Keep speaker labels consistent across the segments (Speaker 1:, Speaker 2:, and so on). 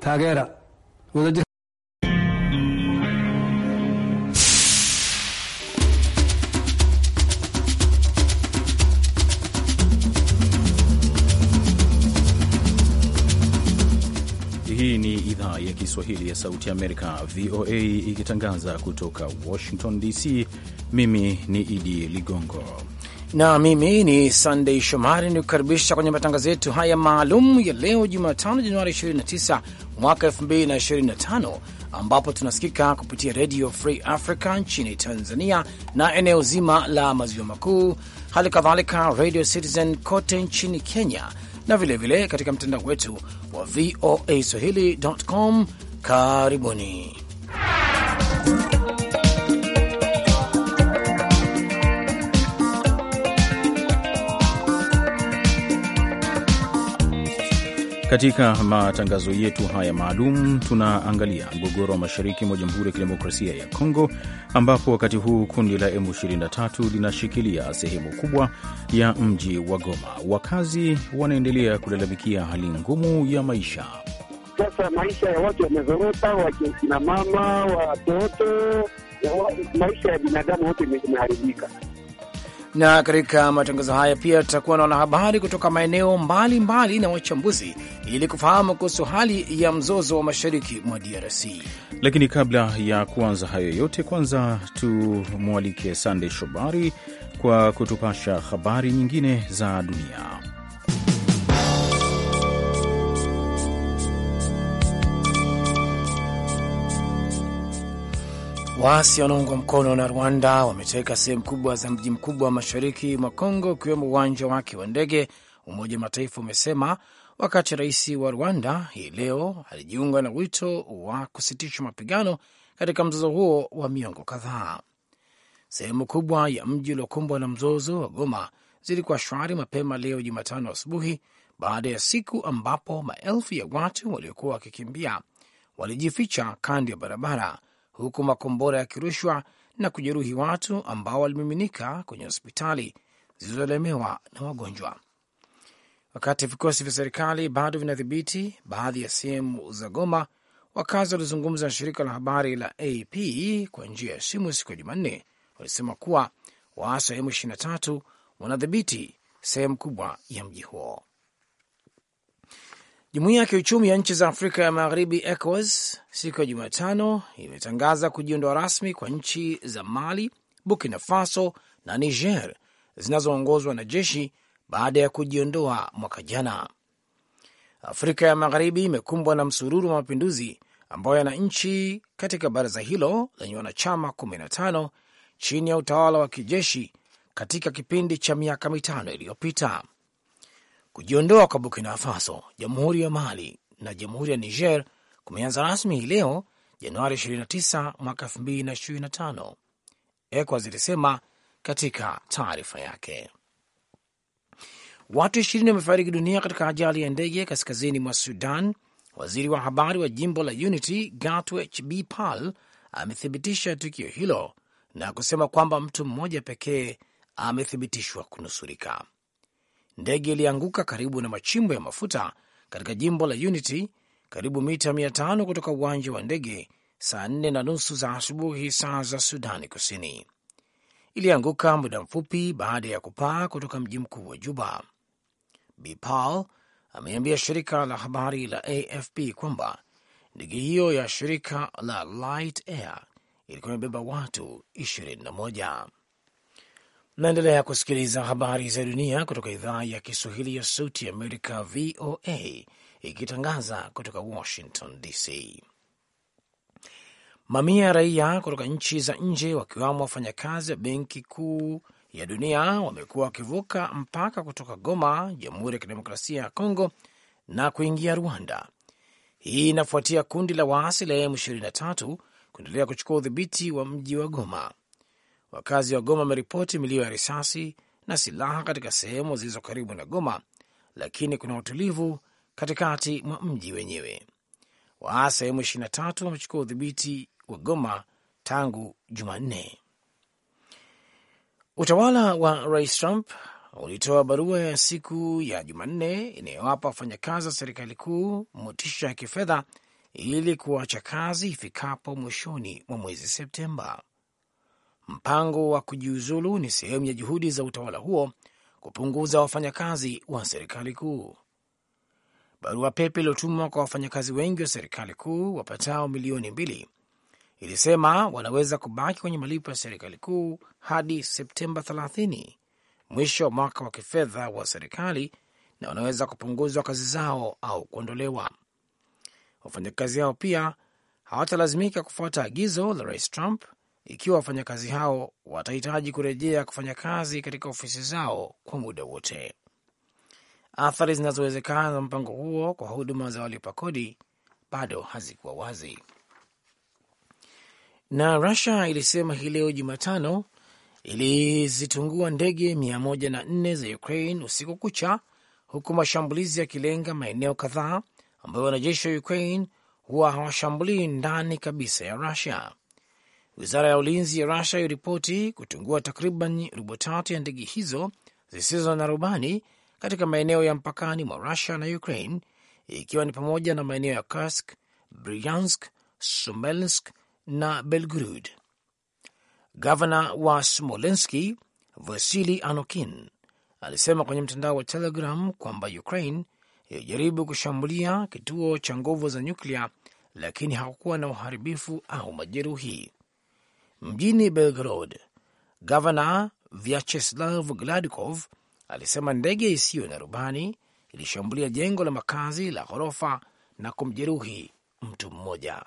Speaker 1: taageera wadajir.
Speaker 2: Hii ni idhaa ya Kiswahili ya Sauti ya Amerika, VOA, ikitangaza kutoka Washington DC. Mimi ni Idi Ligongo
Speaker 3: na mimi ni sandei Shomari ni kukaribisha kwenye matangazo yetu haya maalum ya leo Jumatano, Januari 29 mwaka 2025, ambapo tunasikika kupitia Redio Free Africa nchini Tanzania na eneo zima la maziwa makuu, hali kadhalika Radio Citizen kote nchini Kenya na vilevile vile katika mtandao wetu wa VOA swahili.com. Karibuni
Speaker 2: Katika matangazo yetu haya maalum, tunaangalia mgogoro wa mashariki mwa Jamhuri ya Kidemokrasia ya Kongo, ambapo wakati huu kundi la M23 linashikilia sehemu kubwa ya mji wa Goma. Wakazi wanaendelea kulalamikia hali ngumu ya maisha.
Speaker 4: Sasa maisha ya watu wamezorota, wakina mama, watoto, maisha ya binadamu wote imeharibika
Speaker 3: na katika matangazo haya pia tutakuwa na wanahabari kutoka maeneo mbalimbali mbali na wachambuzi ili kufahamu kuhusu hali ya mzozo wa mashariki mwa DRC.
Speaker 2: Lakini kabla ya kuanza hayo yote, kwanza tumwalike Sande Shobari kwa kutupasha habari nyingine za dunia.
Speaker 3: Waasi wanaungwa mkono na Rwanda wameteka sehemu kubwa za mji mkubwa wa mashariki mwa Kongo, ukiwemo uwanja wake wa ndege, Umoja wa Mataifa umesema, wakati rais wa Rwanda hii leo alijiunga na wito wa kusitisha mapigano katika mzozo huo wa miongo kadhaa. Sehemu kubwa ya mji uliokumbwa na mzozo wa Goma zilikuwa shwari mapema leo Jumatano asubuhi baada ya siku ambapo maelfu ya watu waliokuwa wakikimbia walijificha kando ya barabara huku makombora yakirushwa na kujeruhi watu ambao walimiminika kwenye hospitali zilizolemewa na wagonjwa. Wakati vikosi vya serikali bado vinadhibiti baadhi ya sehemu za Goma, wakazi walizungumza na shirika la habari la AP kwa njia ya simu siku ya Jumanne walisema kuwa waasi wa M23 wanadhibiti sehemu kubwa ya mji huo. Jumuiya ya kiuchumi ya nchi za Afrika ya Magharibi, ECOWAS, siku ya Jumatano imetangaza kujiondoa rasmi kwa nchi za Mali, Burkina Faso na Niger zinazoongozwa na jeshi baada ya kujiondoa mwaka jana. Afrika ya Magharibi imekumbwa na msururu wa mapinduzi ambayo yana nchi katika baraza hilo lenye wanachama 15 chini ya utawala wa kijeshi katika kipindi cha miaka mitano iliyopita. Kujiondoa kwa Burkina Faso, jamhuri ya Mali na jamhuri ya Niger kumeanza rasmi hii leo Januari 29 mwaka 2025, ECOWAS zilisema katika taarifa yake. Watu ishirini wamefariki dunia katika ajali ya ndege kaskazini mwa Sudan. Waziri wa habari wa jimbo la Unity Gatwech B Pal amethibitisha tukio hilo na kusema kwamba mtu mmoja pekee amethibitishwa kunusurika ndege ilianguka karibu na machimbo ya mafuta katika jimbo la Unity, karibu mita 500 kutoka uwanja wa ndege, saa nne na nusu za asubuhi, saa za Sudani Kusini. Ilianguka muda mfupi baada ya kupaa kutoka mji mkuu wa Juba. Bipal ameambia shirika la habari la AFP kwamba ndege hiyo ya shirika la Light Air ilikuwa imebeba watu 21. Naendelea kusikiliza habari za dunia kutoka idhaa ya Kiswahili ya Sauti Amerika, VOA, ikitangaza kutoka Washington DC. Mamia ya raia kutoka nchi za nje wakiwamo wafanyakazi wa Benki Kuu ya Dunia wamekuwa wakivuka mpaka kutoka Goma, Jamhuri ya Kidemokrasia ya Kongo na kuingia Rwanda. Hii inafuatia kundi la waasi la M23 kuendelea kuchukua udhibiti wa mji wa Goma. Wakazi wa Goma wameripoti milio ya risasi na silaha katika sehemu zilizo karibu na Goma, lakini kuna utulivu katikati mwa mji wenyewe. Waasi wa M23 wamechukua udhibiti wa Goma tangu Jumanne. Utawala wa Rais Trump ulitoa barua ya siku ya Jumanne inayowapa wafanyakazi wa serikali kuu motisha ya kifedha ili kuacha kazi ifikapo mwishoni mwa mwezi Septemba. Mpango wa kujiuzulu ni sehemu ya juhudi za utawala huo kupunguza wafanyakazi wa serikali kuu. Barua pepe iliyotumwa kwa wafanyakazi wengi wa serikali kuu wapatao milioni mbili ilisema wanaweza kubaki kwenye malipo ya serikali kuu hadi Septemba 30, mwisho wa mwaka wa kifedha wa serikali, na wanaweza kupunguzwa kazi zao au kuondolewa. Wafanyakazi hao pia hawatalazimika kufuata agizo la Rais Trump ikiwa wafanyakazi hao watahitaji kurejea kufanya kazi katika ofisi zao kwa muda wote. Athari zinazowezekana za mpango huo kwa huduma za walipa kodi bado hazikuwa wazi. Na Rusia ilisema hii leo Jumatano ilizitungua ndege nne za Ukraine usiku kucha, huku mashambulizi yakilenga maeneo kadhaa ambayo wanajeshi wa Ukraine huwa hawashambulii ndani kabisa ya Rusia. Wizara ya ulinzi ya Rusia iliripoti kutungua takriban robo tatu ya ndege hizo zisizo na rubani katika maeneo ya mpakani mwa Rusia na Ukraine, ikiwa ni pamoja na maeneo ya Kursk, Bryansk, Sumelsk na Belgorod. Gavana wa Smolenski Vasili Anokin alisema kwenye mtandao wa Telegram kwamba Ukraine ilijaribu kushambulia kituo cha nguvu za nyuklia, lakini hakukuwa na uharibifu au majeruhi mjini Belgorod. Gavana Vyacheslav Gladkov alisema ndege isiyo na rubani ilishambulia jengo la makazi la ghorofa na kumjeruhi mtu mmoja.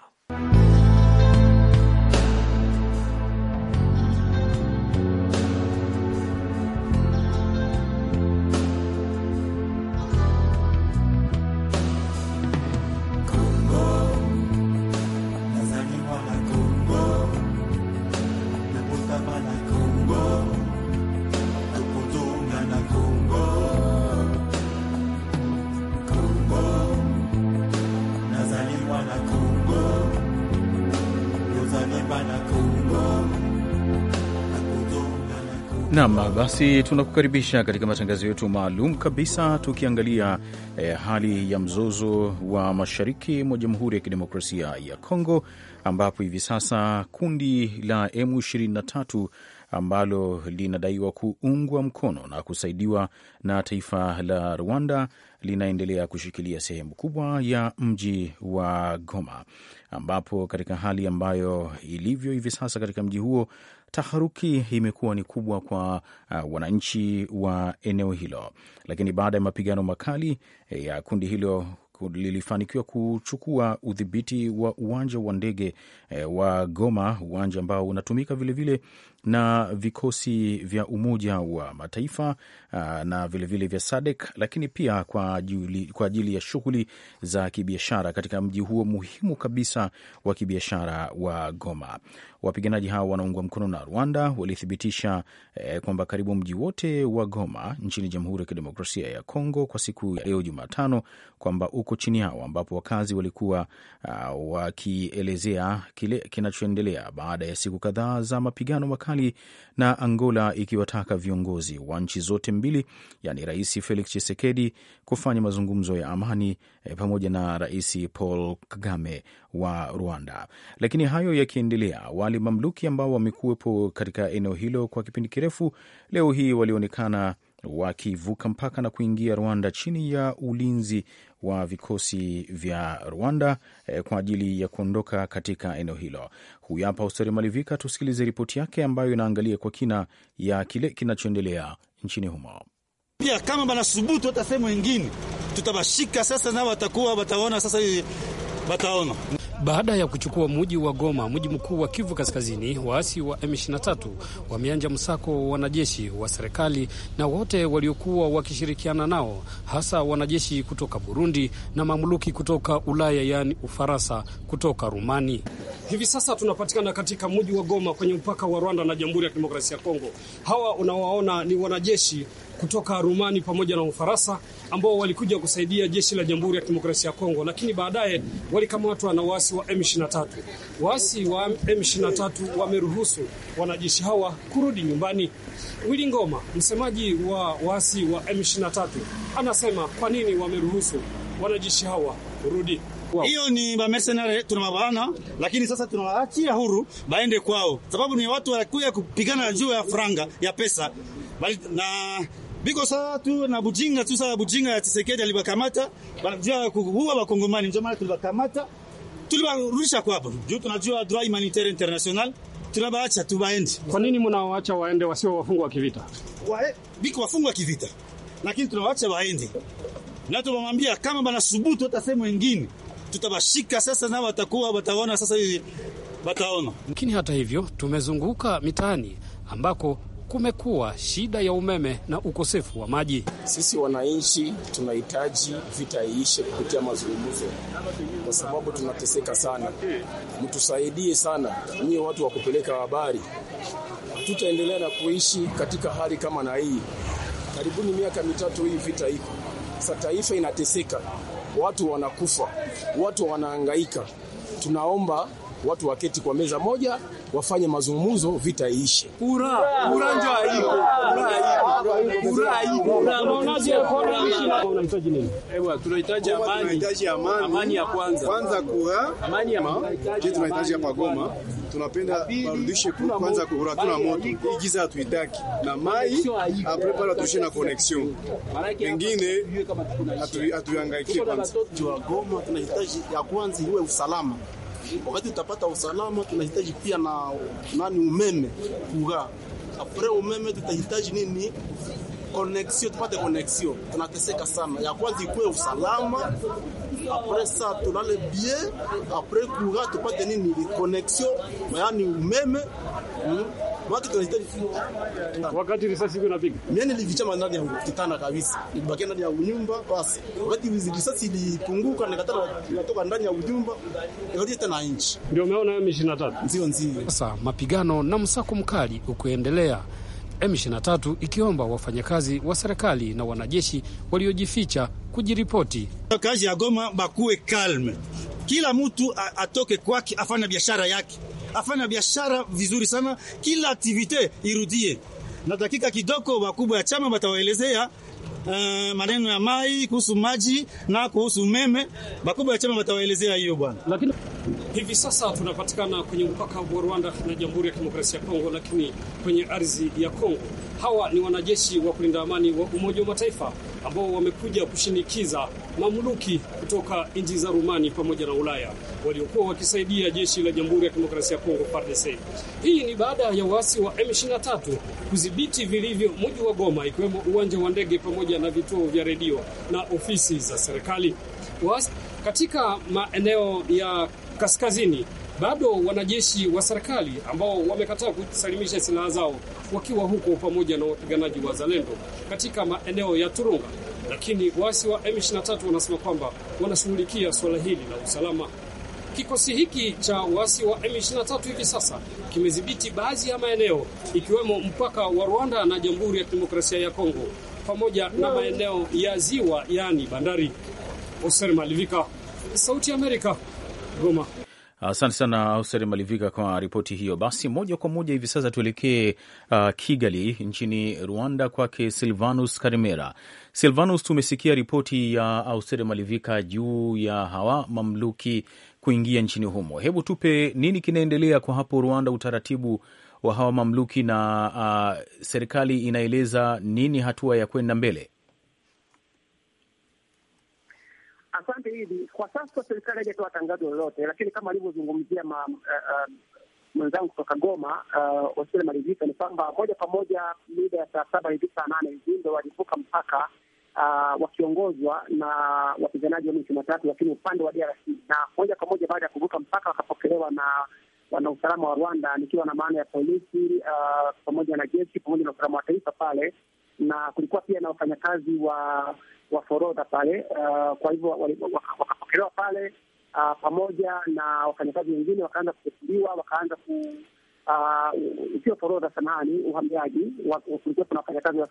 Speaker 2: Nam basi, tunakukaribisha katika matangazo yetu maalum kabisa tukiangalia eh, hali ya mzozo wa mashariki mwa Jamhuri ya Kidemokrasia ya Kongo ambapo hivi sasa kundi la M23 ambalo linadaiwa kuungwa mkono na kusaidiwa na taifa la Rwanda linaendelea kushikilia sehemu kubwa ya mji wa Goma, ambapo katika hali ambayo ilivyo hivi sasa katika mji huo, taharuki imekuwa ni kubwa kwa uh, wananchi wa eneo hilo. Lakini baada ya mapigano makali eh, ya kundi hilo lilifanikiwa kuchukua udhibiti wa uwanja wa ndege eh, wa Goma, uwanja ambao unatumika vilevile na vikosi vya Umoja wa Mataifa uh, na vilevile vile vya SADC, lakini pia kwa ajili, kwa ajili ya shughuli za kibiashara katika mji huo muhimu kabisa wa kibiashara wa Goma. Wapiganaji hao wanaungwa mkono na Rwanda walithibitisha eh, kwamba karibu mji wote wa Goma nchini Jamhuri ya Kidemokrasia ya Kongo kwa siku ya leo Jumatano kwamba uko chini yao, ambapo wakazi walikuwa uh, wakielezea kile kinachoendelea baada ya siku kadhaa za mapigano makali serikali na Angola ikiwataka viongozi wa nchi zote mbili, yaani Rais Felix Tshisekedi kufanya mazungumzo ya amani eh, pamoja na Rais Paul Kagame wa Rwanda. Lakini hayo yakiendelea, wale mamluki ambao wamekuwepo katika eneo hilo kwa kipindi kirefu, leo hii walionekana wakivuka mpaka na kuingia Rwanda chini ya ulinzi wa vikosi vya Rwanda eh, kwa ajili ya kuondoka katika eneo hilo. Huyu hapa Hosteri Malivika, tusikilize ripoti yake ambayo inaangalia kwa kina ya kile kinachoendelea nchini humo
Speaker 5: pia kama banasubutu hata sehemu ingine tutabashika sasa, na watakuwa wataona sasa,
Speaker 6: wataona baada ya kuchukua muji wa Goma, mji mkuu wa Kivu Kaskazini, waasi wa M23 wameanja msako wanajeshi wa serikali na wote waliokuwa wakishirikiana nao, hasa wanajeshi kutoka Burundi na mamluki kutoka Ulaya, yaani Ufaransa, kutoka Rumani. Hivi sasa tunapatikana katika mji wa Goma kwenye mpaka wa Rwanda na Jamhuri ya Kidemokrasia ya Kongo. Hawa unawaona ni wanajeshi kutoka Rumani pamoja na Ufaransa ambao walikuja kusaidia jeshi la Jamhuri ya Kidemokrasia ya Kongo, lakini baadaye walikamatwa na waasi wa M23. Waasi wa M23 wameruhusu wanajeshi hawa kurudi nyumbani. Willy Ngoma, msemaji wa waasi wa M23, anasema kwa nini wameruhusu wanajeshi hawa kurudi.
Speaker 5: Hiyo ni Ni tuna tunawabana, lakini sasa tunawaachia huru baende kwao, sababu ni watu walikuja kupigana juu ya franga ya pesa na biko saa tu na bujinga tu saa bujinga ya Tshisekedi alibakamata wanajua kuua Wakongomani, ndio maana tulibakamata tulibarudisha kwao, juu tunajua droit humanitaire international tunabaacha tu baende. Kwa nini mnawaacha waende wasio wafungwa kivita? Wae, eh, biko wafungwa kivita, lakini tunawaacha waende na tumwambia kama bana subutu hata sehemu nyingine
Speaker 6: tutabashika sasa, na watakuwa wataona sasa hivi wataona. Lakini hata hivyo tumezunguka mitaani ambako kumekuwa shida ya umeme na ukosefu wa maji.
Speaker 2: Sisi wananchi tunahitaji vita iishe kupitia mazungumzo, kwa sababu tunateseka sana. Mtusaidie sana nyie watu wa kupeleka habari, tutaendelea na kuishi katika hali kama na hii karibuni miaka mitatu hii vita iko sasa, taifa inateseka, watu wanakufa, watu wanaangaika Tunaomba watu waketi kwa meza moja, wafanye mazungumzo, vita iishe.
Speaker 5: Tunahitaji amani amani ya kwanza, kwanza, kura amani ya tunahitaji hapa Goma tunapenda barudishe kwanza kuhura, tuna moto igiza hatuitaki na mai apre ah, pale tushe na connection nyingine, atuangaikie kwanza. Tunahitaji ya kwanza iwe usalama wakati tutapata usalama, tunahitaji pia na nani umeme kuga. Apre umeme tutahitaji nini? Koneksio, tupate koneksio. Tunateseka sana, ya kwanza ikuwe usalama, apre sa tulale bie, apre kuga tupate nini koneksio, yani umeme mm. Watu wakati risasi iko Mimi ndani kitanda kabisa. ndani ya nyumba basi. Wakati risasi ilipunguka natoka ndani ya
Speaker 6: nyumba. tena Ndio umeona M23. Sasa mapigano na msako mkali ukuendelea. M23 ikiomba wafanyakazi wa serikali na wanajeshi waliojificha kujiripoti. Kazi ya Goma bakuwe kalme
Speaker 5: kila mtu atoke kwake, afanya biashara yake, afanya biashara vizuri sana, kila aktivite irudie. Na dakika kidogo, wakubwa ya chama batawaelezea Uh, maneno ya mai kuhusu maji na kuhusu umeme, bakubwa ya chama watawaelezea
Speaker 6: hiyo bwana. Lakini hivi sasa tunapatikana kwenye mpaka wa Rwanda na Jamhuri ya Kidemokrasia ya Kongo, lakini kwenye ardhi ya Kongo. Hawa ni wanajeshi wa kulinda amani wa Umoja wa Mataifa ambao wamekuja kushinikiza mamluki kutoka nchi za Rumani pamoja na Ulaya waliokuwa wakisaidia jeshi la Jamhuri ya Kidemokrasia ya Kongo FARDC. Hii ni baada ya waasi wa M23 kudhibiti vilivyo mji wa Goma, ikiwemo uwanja wa ndege pamoja na vituo vya redio na ofisi za serikali. Was, katika maeneo ya kaskazini bado wanajeshi wa serikali ambao wamekataa kusalimisha silaha zao wakiwa huko pamoja na wapiganaji wa Zalendo katika maeneo ya Turunga, lakini waasi wa M23 wanasema kwamba wanashughulikia suala hili la usalama. Kikosi hiki cha waasi wa M23 hivi sasa kimedhibiti baadhi ya maeneo ikiwemo mpaka wa Rwanda na Jamhuri ya Kidemokrasia ya Kongo pamoja na maeneo ya ziwa, yaani bandari. Oser Malivika, Sauti ya Amerika, Goma.
Speaker 2: Asante sana Auseri Malivika kwa ripoti hiyo. Basi moja kwa moja hivi sasa tuelekee uh, Kigali nchini Rwanda, kwake Silvanus Karimera. Silvanus, tumesikia ripoti ya Auseri Malivika juu ya hawa mamluki kuingia nchini humo. Hebu tupe nini kinaendelea kwa hapo Rwanda, utaratibu wa hawa mamluki na uh, serikali inaeleza nini hatua ya kwenda mbele?
Speaker 4: Asante hivi. Kwa sasa serikali haijatoa tangazo lolote, lakini kama alivyozungumzia eh, eh, mwenzangu kutoka Goma Wasile eh, Malivika ni kwamba moja kwa moja mida ya saa saba hivi saa nane hivi ndo walivuka mpaka uh, wakiongozwa na wapiganaji wa m matatu lakini upande wa DRC, na moja kwa moja baada ya kuvuka mpaka wakapokelewa na wana usalama wa Rwanda, nikiwa na maana ya polisi uh, pamoja na jeshi pamoja na usalama wa taifa pale na kulikuwa pia na wafanyakazi wa wa forodha pale uh, kwa hivyo wakapokelewa pale uh, pamoja na wafanyakazi wengine, wakaanza kuchukuliwa, wakaanza ku uh, sio forodha, samani uhamiaji. Kulikuwa kuna wafanyakazi wa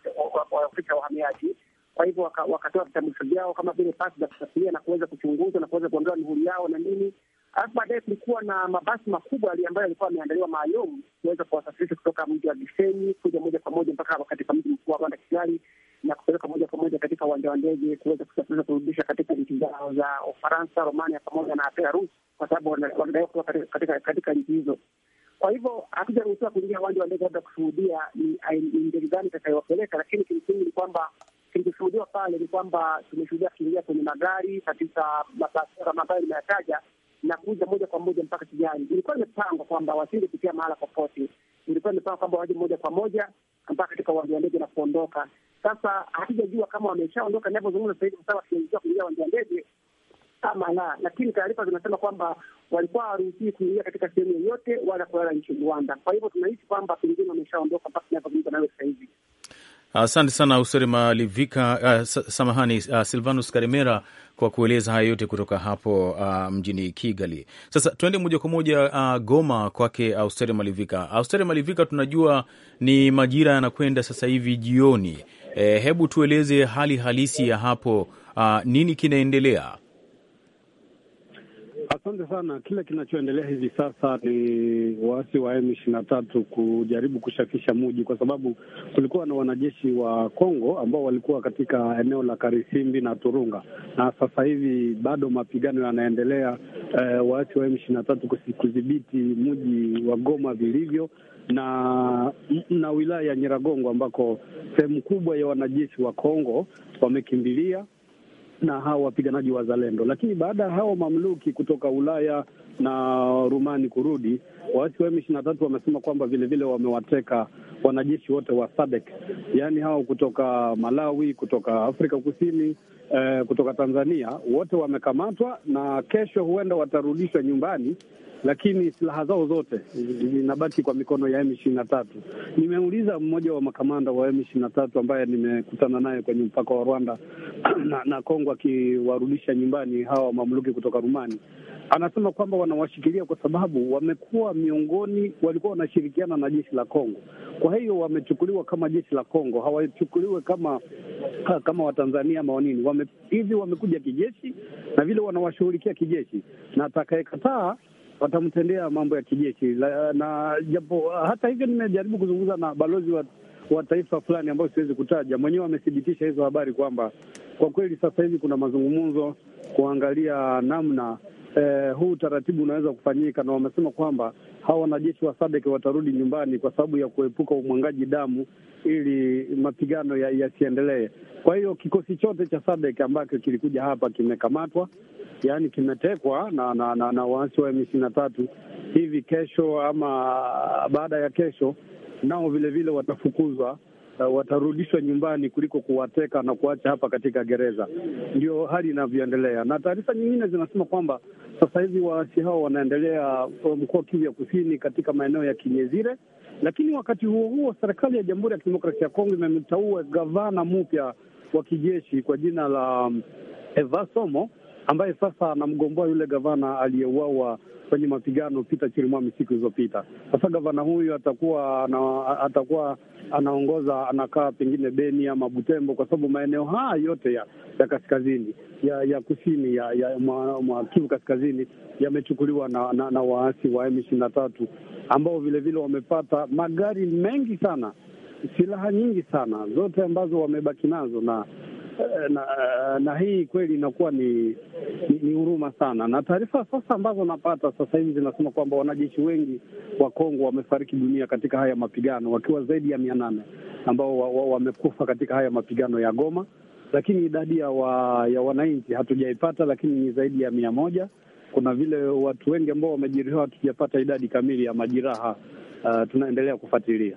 Speaker 4: ofisi ya uhamiaji kwa hivyo wakatoa vitambulisho vyao kama vile pasi za kusafiria na kuweza kuchunguzwa na kuweza kuondoa mihuri yao na nini, Alafu baadaye kulikuwa na mabasi makubwa ambayo yalikuwa yameandaliwa maalum kuweza kuwasafirisha kutoka mji wa Gisenyi kuja moja kwa moja mpaka katika mji mkuu wa Rwanda, Kigali, na kupeleka moja kwa moja katika uwanja wa ndege kuweza kusafirisha kurudisha katika nchi zao za Ufaransa, Romania pamoja na Belarus, kwa sababu wanadaiwa kutoka katika, katika nchi hizo. Kwa hivyo hatujaruhusiwa kuingia uwanja wa ndege labda kushuhudia ni ndege gani itakayowapeleka, lakini kimsingi ni kwamba kilichoshuhudiwa pale ni kwamba tumeshuhudia kuingia kwenye magari katika mabasi ambayo nimeyataja na kuja moja kwa moja mpaka Kijani. Ilikuwa imepangwa kwamba wasingepitia mahala popote, ilikuwa imepangwa kwamba waje moja kwa moja mpaka katika uwanja wa ndege na kuondoka. Sasa hatujajua kama wameshaondoka inavyozungumza sasa hivi, kwa sababu kuingia uwanja wa ndege ama la, lakini taarifa zinasema kwamba walikuwa hawaruhusiwi kuingia katika sehemu yoyote wala kulala nchini Rwanda. Kwa hivyo tunahisi kwamba pengine wameshaondoka mpaka inavyozungumza
Speaker 2: nawe sasa hivi. Asante sana Usere Malivika uh, samahani uh, Silvanus karimera kwa kueleza haya yote kutoka hapo uh, mjini Kigali. Sasa tuende moja kwa moja uh, Goma kwake Austere uh, Malivika. Austere uh, Malivika, tunajua ni majira yanakwenda sasa hivi jioni. E, hebu tueleze hali halisi ya hapo, uh, nini kinaendelea?
Speaker 1: Asante sana. Kile kinachoendelea hivi sasa ni waasi wa M ishirini na tatu kujaribu kushafisha muji, kwa sababu kulikuwa na wanajeshi wa Kongo ambao walikuwa katika eneo la Karisimbi na Turunga, na sasa hivi bado mapigano yanaendelea, eh, waasi wa M ishirini na tatu kudhibiti muji wa Goma vilivyo na na wilaya ya Nyiragongo ambako sehemu kubwa ya wanajeshi wa Kongo wamekimbilia na hawa wapiganaji wazalendo. Lakini baada ya hawa mamluki kutoka Ulaya na Rumani kurudi, waasi wa M23 wamesema kwamba vilevile wamewateka wanajeshi wote wa SADC, yaani hao kutoka Malawi, kutoka Afrika Kusini, eh, kutoka Tanzania, wote wamekamatwa na kesho huenda watarudishwa nyumbani lakini silaha zao zote zinabaki kwa mikono ya M ishirini na tatu. Nimeuliza mmoja wa makamanda wa M ishirini na tatu ambaye nimekutana naye kwenye mpaka wa Rwanda na, na Kongo akiwarudisha nyumbani hawa mamluki kutoka Rumani, anasema kwamba wanawashikilia kwa sababu wamekuwa miongoni, walikuwa wanashirikiana na jeshi la Kongo, kwa hiyo wamechukuliwa kama jeshi la Kongo, hawachukuliwe kama kama Watanzania ama wanini. Wame, hivi wamekuja kijeshi na vile wanawashughulikia kijeshi, na atakayekataa watamtendea mambo ya kijeshi na, na japo hata hivyo nimejaribu kuzungumza na balozi wa wa taifa fulani ambayo siwezi kutaja, mwenyewe amethibitisha hizo habari kwamba kwa kweli sasa hivi kuna mazungumzo kuangalia namna eh, huu utaratibu unaweza kufanyika, na wamesema kwamba hawa wanajeshi wa Sadek watarudi nyumbani kwa sababu ya kuepuka umwangaji damu ili mapigano yasiendelee. Ya kwa hiyo kikosi chote cha Sadek ambacho kilikuja hapa kimekamatwa, yaani kimetekwa na, na, na, na waasi wa M ishirini na tatu. Hivi kesho ama baada ya kesho nao vilevile watafukuzwa watarudishwa nyumbani kuliko kuwateka na kuacha hapa katika gereza. Ndio hali inavyoendelea, na taarifa nyingine zinasema kwamba sasa hivi waasi hao wanaendelea uh, mkoa wa Kivu ya Kusini, katika maeneo ya Kinyezire. Lakini wakati huo huo, serikali ya Jamhuri ya Kidemokrasia ya Kongo imemteua gavana mpya wa kijeshi kwa jina la evasomo um, Eva Somo ambaye sasa anamgomboa yule gavana aliyeuawa kwenye mapigano Peter Chirimwami siku zilizopita. Sasa gavana huyu atakuwa ana, atakuwa anaongoza anakaa pengine Beni ama Butembo, kwa sababu maeneo haya yote ya, ya kaskazini ya ya kusini ya, ya mwa, mwa Kivu kaskazini yamechukuliwa na, na, na waasi wa M ishirini na tatu ambao vilevile wamepata magari mengi sana, silaha nyingi sana, zote ambazo wamebaki nazo na Eh, na, eh, na hii kweli inakuwa ni ni huruma sana, na taarifa sasa ambazo napata sasa hivi zinasema kwamba wanajeshi wengi wa Kongo wamefariki dunia katika haya mapigano, wakiwa zaidi ya mia nane ambao wamekufa wa, wa katika haya mapigano ya Goma, lakini idadi ya, wa, ya wananchi hatujaipata, lakini ni zaidi ya mia moja. Kuna vile watu wengi ambao wamejeruhiwa, hatujapata idadi kamili ya majeraha. Uh, tunaendelea kufuatilia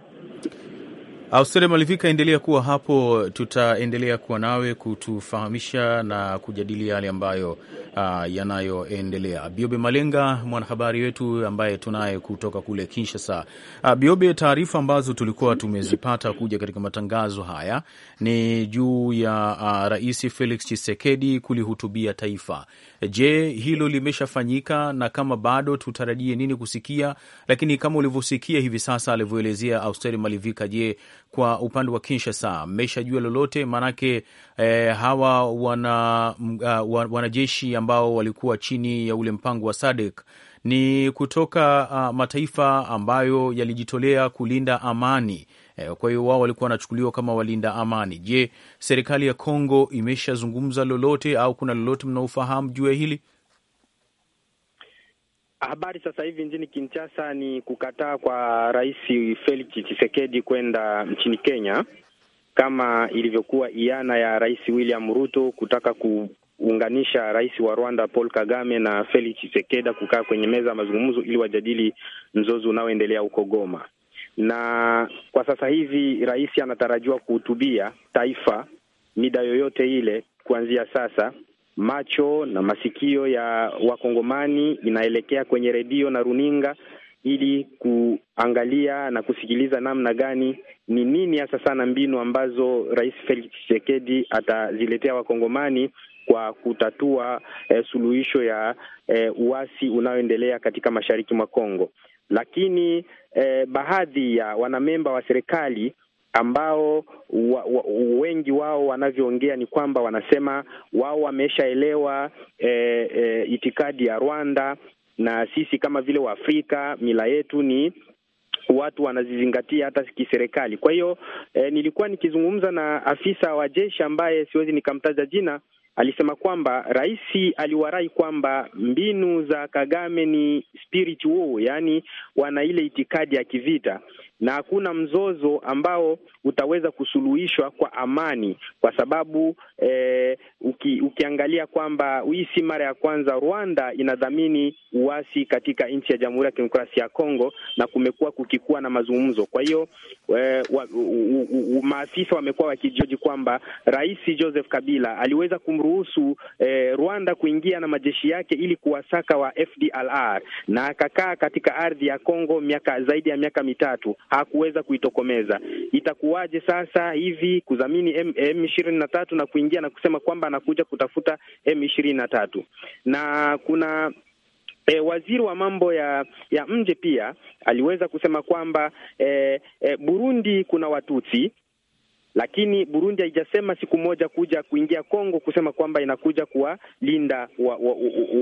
Speaker 2: austere Malivika, endelea kuwa hapo, tutaendelea kuwa nawe kutufahamisha na kujadili yale ambayo uh, yanayoendelea. Biobe Malenga, mwanahabari wetu ambaye tunaye kutoka kule Kinshasa. Uh, Biobe, taarifa ambazo tulikuwa tumezipata kuja katika matangazo haya ni juu ya uh, Rais Felix Tshisekedi kulihutubia taifa. Je, hilo limeshafanyika na kama bado tutarajie nini kusikia? Lakini kama ulivyosikia hivi sasa alivyoelezea Austeri Malivika, je, kwa upande wa Kinshasa mmeshajua lolote? Maanake e, hawa wana uh, wanajeshi ambao walikuwa chini ya ule mpango wa SADC ni kutoka uh, mataifa ambayo yalijitolea kulinda amani e, kwa hiyo wao walikuwa wanachukuliwa kama walinda amani. Je, serikali ya Kongo imeshazungumza lolote au kuna lolote mnaofahamu juu ya hili?
Speaker 7: Habari sasa hivi nchini Kinshasa ni kukataa kwa Rais Felix Tshisekedi kwenda nchini Kenya kama ilivyokuwa iana ya Rais William Ruto kutaka kuunganisha rais wa Rwanda Paul Kagame na Felix Tshisekedi kukaa kwenye meza ya mazungumzo ili wajadili mzozo unaoendelea huko Goma. Na kwa sasa hivi rais anatarajiwa kuhutubia taifa mida yoyote ile kuanzia sasa macho na masikio ya Wakongomani inaelekea kwenye redio na runinga ili kuangalia na kusikiliza namna gani, ni nini hasa sana mbinu ambazo Rais Felix Tshisekedi ataziletea Wakongomani kwa kutatua eh, suluhisho ya eh, uasi unaoendelea katika mashariki mwa Kongo. Lakini eh, baadhi ya wanamemba wa serikali ambao wa, wa, wengi wao wanavyoongea ni kwamba wanasema wao wameshaelewa e, e, itikadi ya Rwanda na sisi kama vile Waafrika mila yetu ni watu wanazizingatia hata kiserikali. Kwa hiyo e, nilikuwa nikizungumza na afisa wa jeshi ambaye siwezi nikamtaja jina, alisema kwamba rais aliwarai kwamba mbinu za Kagame ni war, yaani wana ile itikadi ya kivita na hakuna mzozo ambao utaweza kusuluhishwa kwa amani, kwa sababu eh, uki, ukiangalia kwamba hii si mara ya kwanza Rwanda inadhamini uasi katika nchi ya Jamhuri ya Kidemokrasia ya Kongo, na kumekuwa kukikuwa na mazungumzo. Kwa hiyo eh, wa, maafisa wamekuwa wakijoji kwamba Rais Joseph Kabila aliweza kumruhusu eh, Rwanda kuingia na majeshi yake ili kuwasaka wa FDLR na akakaa katika ardhi ya Kongo miaka zaidi ya miaka mitatu hakuweza kuitokomeza. Itakuwaje sasa hivi kudhamini M ishirini na tatu na kuingia na kusema kwamba anakuja kutafuta M ishirini na tatu na kuna E, waziri wa mambo ya ya nje pia aliweza kusema kwamba e, e, Burundi kuna Watutsi, lakini Burundi haijasema siku moja kuja kuingia Kongo kusema kwamba inakuja kuwalinda wa, wa, wa,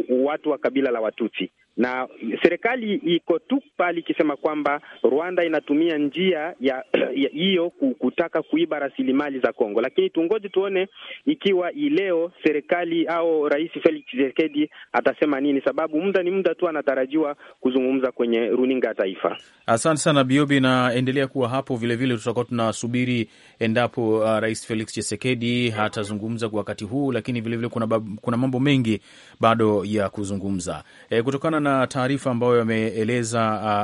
Speaker 7: wa, watu wa kabila la Watutsi na serikali iko tu pale ikisema kwamba Rwanda inatumia njia ya hiyo kutaka kuiba rasilimali za Kongo, lakini tungoje tuone ikiwa ileo serikali au Rais Felix Tshisekedi atasema nini, sababu muda ni muda tu anatarajiwa kuzungumza kwenye runinga ya taifa.
Speaker 2: Asante sana Biobi, naendelea kuwa hapo vilevile. Tutakuwa tunasubiri endapo uh, Rais Felix Tshisekedi atazungumza kwa wakati huu, lakini vilevile vile kuna, kuna mambo mengi bado ya kuzungumza e, kutokana na taarifa ambayo ameeleza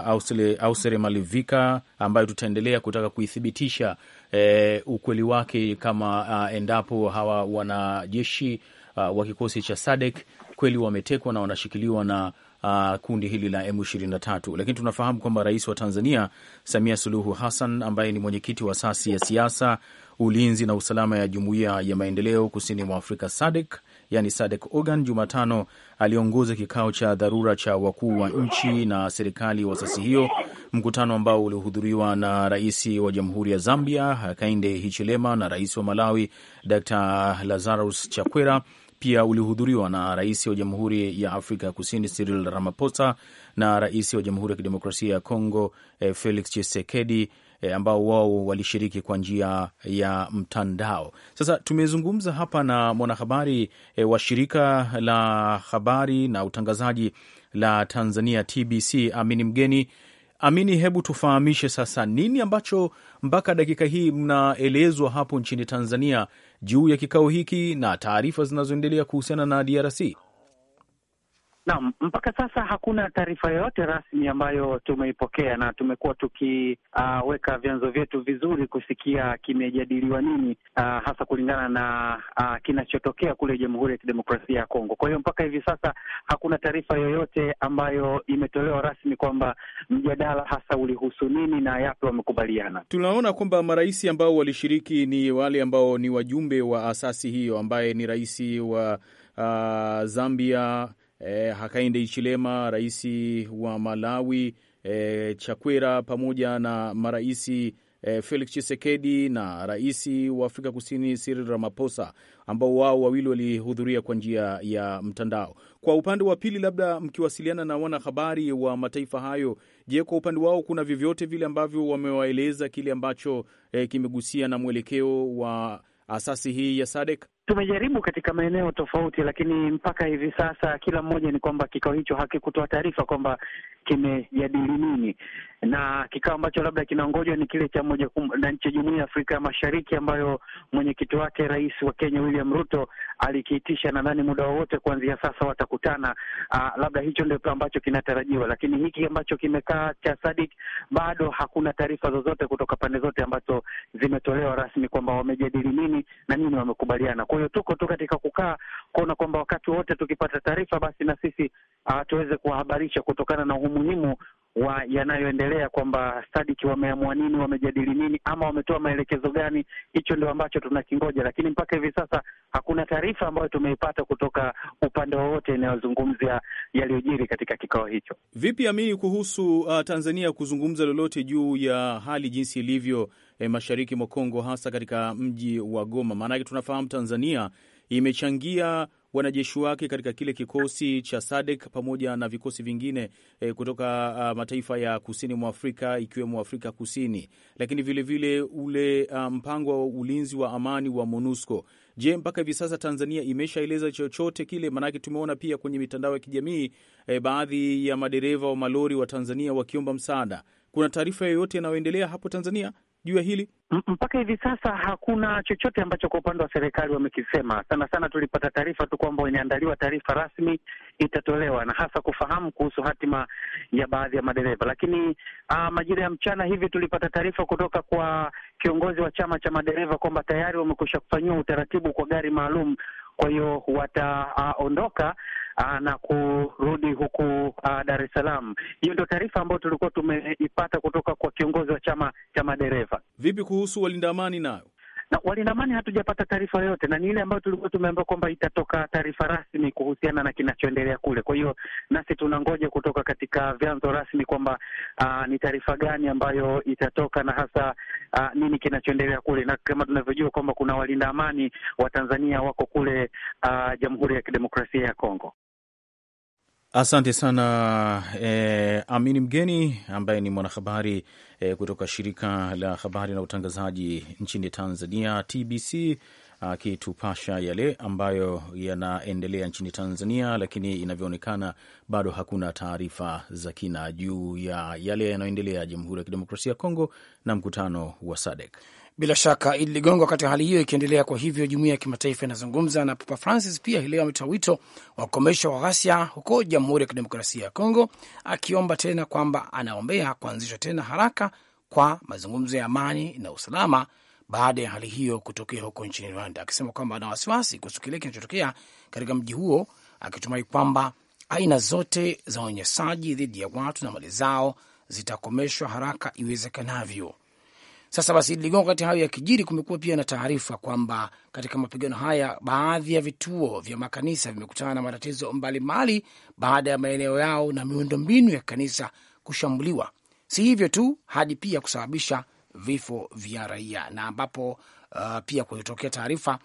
Speaker 2: uh, Ausere Malivika ambayo tutaendelea kutaka kuithibitisha eh, ukweli wake kama uh, endapo hawa wanajeshi uh, wa kikosi cha Sadek kweli wametekwa na wanashikiliwa na Uh, kundi hili la M23, lakini tunafahamu kwamba rais wa Tanzania Samia Suluhu Hassan ambaye ni mwenyekiti wa asasi ya siasa, ulinzi na usalama ya jumuiya ya maendeleo kusini mwa Afrika SADC yani Sadek Ogan Jumatano aliongoza kikao cha dharura cha wakuu wa nchi na serikali wa sasi hiyo, mkutano ambao ulihudhuriwa na rais wa jamhuri ya Zambia Hakainde Hichilema na rais wa Malawi Dkt Lazarus Chakwera pia ulihudhuriwa na rais wa Jamhuri ya Afrika ya Kusini Cyril Ramaphosa na rais wa Jamhuri ya Kidemokrasia ya Kongo eh, Felix Tshisekedi e, ambao wao walishiriki kwa njia ya mtandao. Sasa tumezungumza hapa na mwanahabari e, wa shirika la habari na utangazaji la Tanzania TBC, Amini Mgeni. Amini, hebu tufahamishe sasa, nini ambacho mpaka dakika hii mnaelezwa hapo nchini Tanzania juu ya kikao hiki na taarifa zinazoendelea kuhusiana na DRC?
Speaker 8: Naam, mpaka sasa hakuna taarifa yoyote rasmi ambayo tumeipokea na tumekuwa tukiweka uh, vyanzo vyetu vizuri kusikia kimejadiliwa nini uh, hasa kulingana na uh, kinachotokea kule Jamhuri ya Kidemokrasia ya Kongo. Kwa hiyo mpaka hivi sasa hakuna taarifa yoyote ambayo imetolewa rasmi kwamba mjadala hasa ulihusu nini na yapi wamekubaliana.
Speaker 2: Tunaona kwamba marais ambao walishiriki ni wale ambao ni wajumbe wa asasi hiyo ambaye ni rais wa uh, Zambia eh, Hakainde Ichilema, rais wa Malawi, eh, Chakwera pamoja na maraisi eh, Felix Chisekedi na rais wa Afrika Kusini Cyril Ramaphosa, ambao wao wawili walihudhuria kwa njia ya mtandao. Kwa upande wa pili, labda mkiwasiliana na wanahabari wa mataifa hayo, je, kwa upande wao kuna vyovyote vile ambavyo wamewaeleza kile ambacho eh, kimegusia na mwelekeo wa asasi hii ya SADC?
Speaker 8: Tumejaribu katika maeneo tofauti, lakini mpaka hivi sasa kila mmoja ni kwamba kikao hicho hakikutoa taarifa kwamba kimejadili nini na kikao ambacho labda kinangojwa ni kile cha moja na nchi ya ya Afrika ya Mashariki ambayo mwenyekiti wake Rais wa Kenya William Ruto alikiitisha. Nadhani muda wowote kuanzia sasa watakutana. Aa, ah, labda hicho ndio ambacho kinatarajiwa, lakini hiki ambacho kimekaa cha Sadik bado hakuna taarifa zozote kutoka pande zote ambazo zimetolewa rasmi kwamba wamejadili nini na nini wamekubaliana. Kwa hiyo tuko tu katika kukaa kuona kwamba wakati wote tukipata taarifa basi na sisi uh, tuweze kuwahabarisha kutokana na umuhimu wa yanayoendelea kwamba Sadiki wameamua nini, wamejadili nini, ama wametoa maelekezo gani. Hicho ndio ambacho tunakingoja, lakini mpaka hivi sasa hakuna taarifa ambayo tumeipata kutoka upande wowote inayozungumzia yaliyojiri katika kikao hicho.
Speaker 2: Vipi amini kuhusu uh, Tanzania kuzungumza lolote juu ya hali jinsi ilivyo eh, mashariki mwa Kongo, hasa katika mji wa Goma? Maanake tunafahamu Tanzania imechangia wanajeshi wake katika kile kikosi cha SADC pamoja na vikosi vingine e, kutoka a, mataifa ya kusini mwa Afrika ikiwemo Afrika Kusini, lakini vilevile vile ule a, mpango wa ulinzi wa amani wa MONUSCO. Je, mpaka hivi sasa Tanzania imeshaeleza chochote kile? Maanake tumeona pia kwenye mitandao ya kijamii e, baadhi ya madereva wa malori wa Tanzania wakiomba msaada. Kuna taarifa yoyote yanayoendelea hapo
Speaker 8: Tanzania? juu ya hili? Mpaka hivi sasa hakuna chochote ambacho kwa upande wa serikali wamekisema. Sana sana tulipata taarifa tu kwamba imeandaliwa taarifa rasmi itatolewa, na hasa kufahamu kuhusu hatima ya baadhi ya madereva. Lakini uh, majira ya mchana hivi tulipata taarifa kutoka kwa kiongozi wa chama cha madereva kwamba tayari wamekwisha kufanyiwa utaratibu kwa gari maalum kwa hiyo wataondoka ah, na kurudi huku ah, Dar es Salaam. Hiyo ndio taarifa ambayo tulikuwa tumeipata kutoka kwa kiongozi wa chama cha madereva. Vipi kuhusu walinda amani nayo? na walinda amani hatujapata taarifa yoyote, na ni ile ambayo tulikuwa tumeambiwa kwamba itatoka taarifa rasmi kuhusiana na kinachoendelea kule. Kwa hiyo nasi tunangoja kutoka katika vyanzo rasmi kwamba ah, ni taarifa gani ambayo itatoka na hasa uh, nini kinachoendelea kule, na kama tunavyojua kwamba kuna walinda amani wa Tanzania wako kule ah, Jamhuri ya Kidemokrasia ya Kongo.
Speaker 2: Asante sana eh, Amini Mgeni ambaye ni mwanahabari eh, kutoka shirika la habari na utangazaji nchini Tanzania TBC akitupasha yale ambayo yanaendelea nchini Tanzania, lakini inavyoonekana bado hakuna taarifa za kina juu ya yale yanayoendelea Jamhuri ya Kidemokrasia ya Kongo na mkutano wa SADC.
Speaker 3: Bila shaka Idi Ligongo, wakati hali hiyo ikiendelea, kwa hivyo jumuiya ya kimataifa inazungumza, na Papa Francis pia hileo ametoa wito wa kukomesha wa ghasia huko Jamhuri ya Kidemokrasia ya Kongo, akiomba tena kwamba anaombea kuanzishwa tena haraka kwa mazungumzo ya amani na usalama baada ya hali hiyo kutokea huko nchini Rwanda, akisema kwamba ana wasiwasi kuhusu kile kinachotokea katika mji huo, akitumai kwamba aina zote za unyanyasaji dhidi ya watu na mali zao zitakomeshwa haraka iwezekanavyo. Sasa basi, Ligongo, wakati hayo ya kijiri, kumekuwa pia na taarifa kwamba katika mapigano haya baadhi ya vituo vya makanisa vimekutana na matatizo mbalimbali baada ya maeneo yao na miundombinu ya kanisa kushambuliwa. Si hivyo tu, hadi pia kusababisha vifo vya raia, na ambapo uh, pia kulitokea taarifa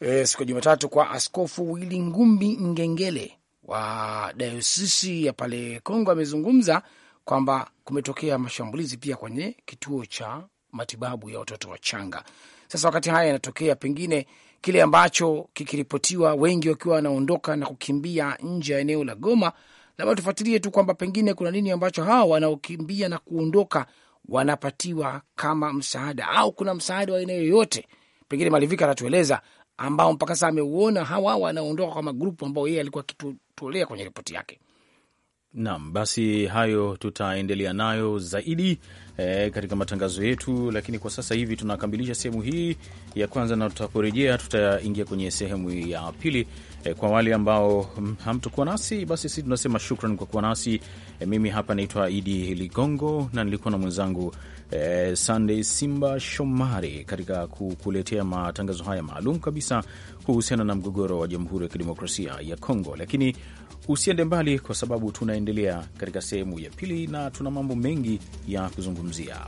Speaker 3: eh, siku ya Jumatatu kwa Askofu Wili Ngumbi Ngengele wa dayosisi ya pale Kongo amezungumza kwamba kumetokea mashambulizi pia kwenye kituo cha matibabu ya watoto wachanga. Sasa wakati haya yanatokea, pengine kile ambacho kikiripotiwa, wengi wakiwa wanaondoka na kukimbia nje ya eneo la Goma, labda tufuatilie tu kwamba pengine kuna nini ambacho hawa wanaokimbia na kuondoka wanapatiwa kama msaada, au kuna msaada wa aina yoyote, pengine Malivika atatueleza, ambao mpaka sasa ameuona hawa wanaondoka kwa magrupu ambao yeye alikuwa akitutolea kwenye ripoti yake.
Speaker 2: Naam, basi hayo tutaendelea nayo zaidi e, katika matangazo yetu, lakini kwa sasa hivi tunakamilisha sehemu hii ya kwanza, na tutaporejea tutaingia kwenye sehemu ya pili. E, kwa wale ambao hamtokuwa nasi basi, sisi tunasema shukran kwa kuwa nasi. E, mimi hapa naitwa Idi Ligongo na nilikuwa na mwenzangu e, Sunday Simba Shomari katika kukuletea matangazo haya maalum kabisa kuhusiana na mgogoro wa Jamhuri ya Kidemokrasia ya Kongo, lakini Usiende mbali, kwa sababu tunaendelea katika sehemu ya pili na tuna mambo mengi ya kuzungumzia.